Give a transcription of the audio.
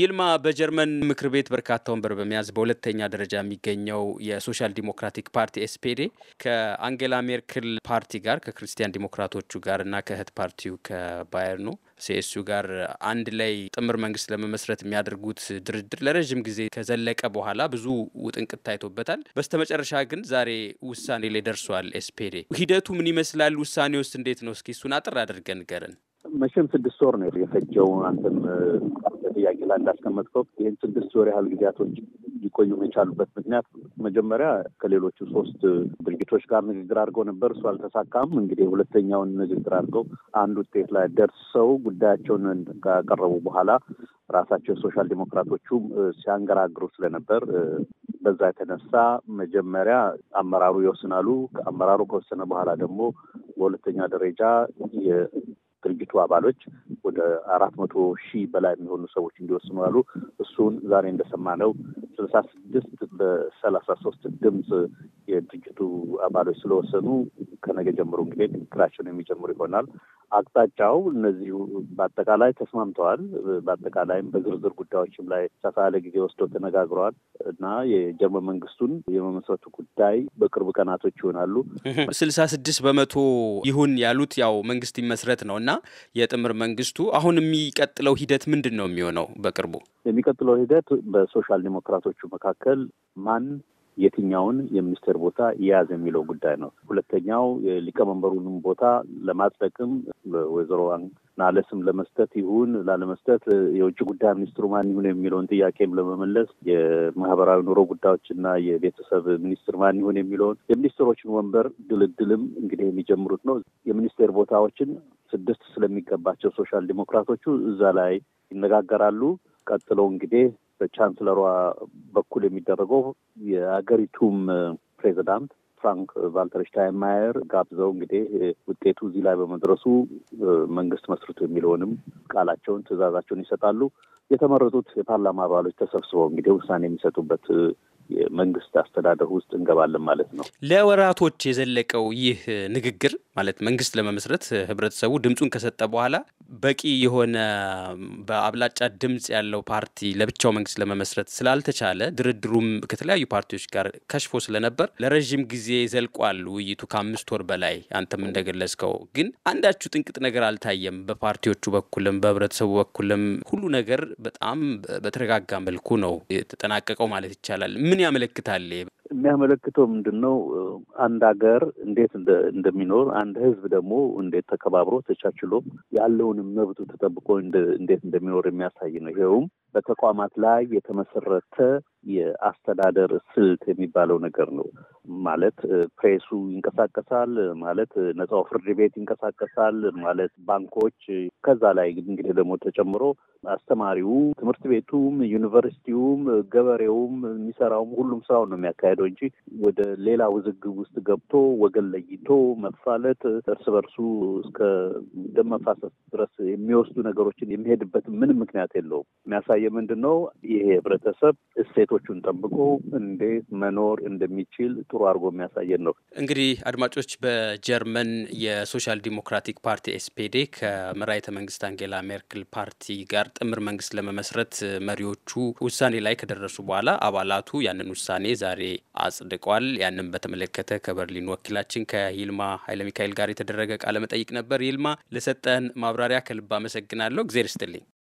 ይልማ በጀርመን ምክር ቤት በርካታ ወንበር በመያዝ በሁለተኛ ደረጃ የሚገኘው የሶሻል ዲሞክራቲክ ፓርቲ ኤስፔዴ ከአንጌላ ሜርክል ፓርቲ ጋር ከክርስቲያን ዲሞክራቶቹ ጋር እና ከእህት ፓርቲው ከባየርኑ ሴሱ ጋር አንድ ላይ ጥምር መንግስት ለመመስረት የሚያደርጉት ድርድር ለረዥም ጊዜ ከዘለቀ በኋላ ብዙ ውጥንቅት ታይቶበታል። በስተመጨረሻ ግን ዛሬ ውሳኔ ላይ ደርሷል። ኤስፔዴ ሂደቱ ምን ይመስላል? ውሳኔ ውስጥ እንዴት ነው? እስኪ እሱን አጥር አድርገን ንገረን። መቼም ስድስት ወር ነው የፈጀው። አንተም ጥያቄ ላይ እንዳስቀመጥከው ይህን ስድስት ወር ያህል ጊዜያቶች ሊቆዩ የቻሉበት ምክንያት መጀመሪያ ከሌሎቹ ሶስት ድርጅቶች ጋር ንግግር አድርገው ነበር። እሱ አልተሳካም። እንግዲህ ሁለተኛውን ንግግር አድርገው አንድ ውጤት ላይ ደርሰው ጉዳያቸውን ካቀረቡ በኋላ ራሳቸው ሶሻል ዲሞክራቶቹ ሲያንገራግሩ ስለነበር በዛ የተነሳ መጀመሪያ አመራሩ ይወስናሉ። ከአመራሩ ከወሰነ በኋላ ደግሞ በሁለተኛ ደረጃ ድርጅቱ አባሎች ወደ አራት መቶ ሺህ በላይ የሚሆኑ ሰዎች እንዲወስኑ አሉ። እሱን ዛሬ እንደሰማ ነው ስልሳ ስድስት በሰላሳ ሶስት ድምፅ የድርጅቱ አባሎች ስለወሰኑ ከነገ ጀምሮ እንግዲህ ክራቸውን የሚጀምሩ ይሆናል። አቅጣጫው እነዚሁ በአጠቃላይ ተስማምተዋል። በአጠቃላይም በዝርዝር ጉዳዮችም ላይ ሰፋ ያለ ጊዜ ወስዶ ተነጋግረዋል እና የጀርመን መንግስቱን የመመስረቱ ጉዳይ በቅርብ ቀናቶች ይሆናሉ። ስልሳ ስድስት በመቶ ይሁን ያሉት ያው መንግስት ይመስረት ነው እና የጥምር መንግስቱ አሁን የሚቀጥለው ሂደት ምንድን ነው የሚሆነው? በቅርቡ የሚቀጥለው ሂደት በሶሻል ዲሞክራቶቹ መካከል ማን የትኛውን የሚኒስቴር ቦታ የያዝ የሚለው ጉዳይ ነው። ሁለተኛው ሊቀመንበሩንም ቦታ ለማጽደቅም ወይዘሮ ናለስም ለመስጠት ይሁን ላለመስጠት የውጭ ጉዳይ ሚኒስትሩ ማን ይሁን የሚለውን ጥያቄም ለመመለስ የማህበራዊ ኑሮ ጉዳዮችና የቤተሰብ ሚኒስትር ማን ይሁን የሚለውን የሚኒስትሮችን ወንበር ድልድልም እንግዲህ የሚጀምሩት ነው። የሚኒስቴር ቦታዎችን ስድስት ስለሚገባቸው ሶሻል ዲሞክራቶቹ እዛ ላይ ይነጋገራሉ። ቀጥለው እንግዲህ በቻንስለሯ በኩል የሚደረገው የሀገሪቱም ፕሬዚዳንት ፍራንክ ቫልተር ሽታይንማየር ጋብዘው እንግዲህ ውጤቱ እዚህ ላይ በመድረሱ መንግስት መስርቱ የሚለውንም ቃላቸውን ትእዛዛቸውን ይሰጣሉ። የተመረጡት የፓርላማ አባሎች ተሰብስበው እንግዲህ ውሳኔ የሚሰጡበት የመንግስት አስተዳደር ውስጥ እንገባለን ማለት ነው። ለወራቶች የዘለቀው ይህ ንግግር ማለት መንግስት ለመመስረት ህብረተሰቡ ድምፁን ከሰጠ በኋላ በቂ የሆነ በአብላጫ ድምፅ ያለው ፓርቲ ለብቻው መንግስት ለመመስረት ስላልተቻለ ድርድሩም ከተለያዩ ፓርቲዎች ጋር ከሽፎ ስለነበር ለረዥም ጊዜ ዘልቋል ውይይቱ ከአምስት ወር በላይ አንተም እንደገለጽከው። ግን አንዳችሁ ጥንቅጥ ነገር አልታየም። በፓርቲዎቹ በኩልም በህብረተሰቡ በኩልም ሁሉ ነገር በጣም በተረጋጋ መልኩ ነው የተጠናቀቀው ማለት ይቻላል። ምን ያመለክታል? የሚያመለክተው ምንድን ነው? አንድ ሀገር እንዴት እንደሚኖር አንድ ህዝብ ደግሞ እንዴት ተከባብሮ ተቻችሎ ያለውንም መብቱ ተጠብቆ እንዴት እንደሚኖር የሚያሳይ ነው። ይኸውም በተቋማት ላይ የተመሰረተ የአስተዳደር ስልት የሚባለው ነገር ነው። ማለት ፕሬሱ ይንቀሳቀሳል ማለት ነጻው ፍርድ ቤት ይንቀሳቀሳል ማለት ባንኮች፣ ከዛ ላይ እንግዲህ ደግሞ ተጨምሮ አስተማሪው፣ ትምህርት ቤቱም፣ ዩኒቨርሲቲውም፣ ገበሬውም፣ የሚሰራውም ሁሉም ስራውን ነው የሚያካሄደው እንጂ ወደ ሌላ ውዝግብ ውስጥ ገብቶ ወገን ለይቶ መፋለት፣ እርስ በርሱ እስከ ደም መፋሰስ ድረስ የሚወስዱ ነገሮችን የሚሄድበት ምንም ምክንያት የለውም። የሚያሳየ ምንድን ነው ይሄ ህብረተሰብ እሴቶ መብቶቹን ጠብቆ እንዴት መኖር እንደሚችል ጥሩ አድርጎ የሚያሳየን ነው። እንግዲህ አድማጮች፣ በጀርመን የሶሻል ዲሞክራቲክ ፓርቲ ኤስፔዴ ከመራሒተ መንግስት አንጌላ ሜርክል ፓርቲ ጋር ጥምር መንግስት ለመመስረት መሪዎቹ ውሳኔ ላይ ከደረሱ በኋላ አባላቱ ያንን ውሳኔ ዛሬ አጽድቋል። ያንን በተመለከተ ከበርሊን ወኪላችን ከይልማ ኃይለ ሚካኤል ጋር የተደረገ ቃለ መጠይቅ ነበር። ይልማ፣ ለሰጠን ማብራሪያ ከልብ አመሰግናለሁ። እግዜር ይስጥልኝ።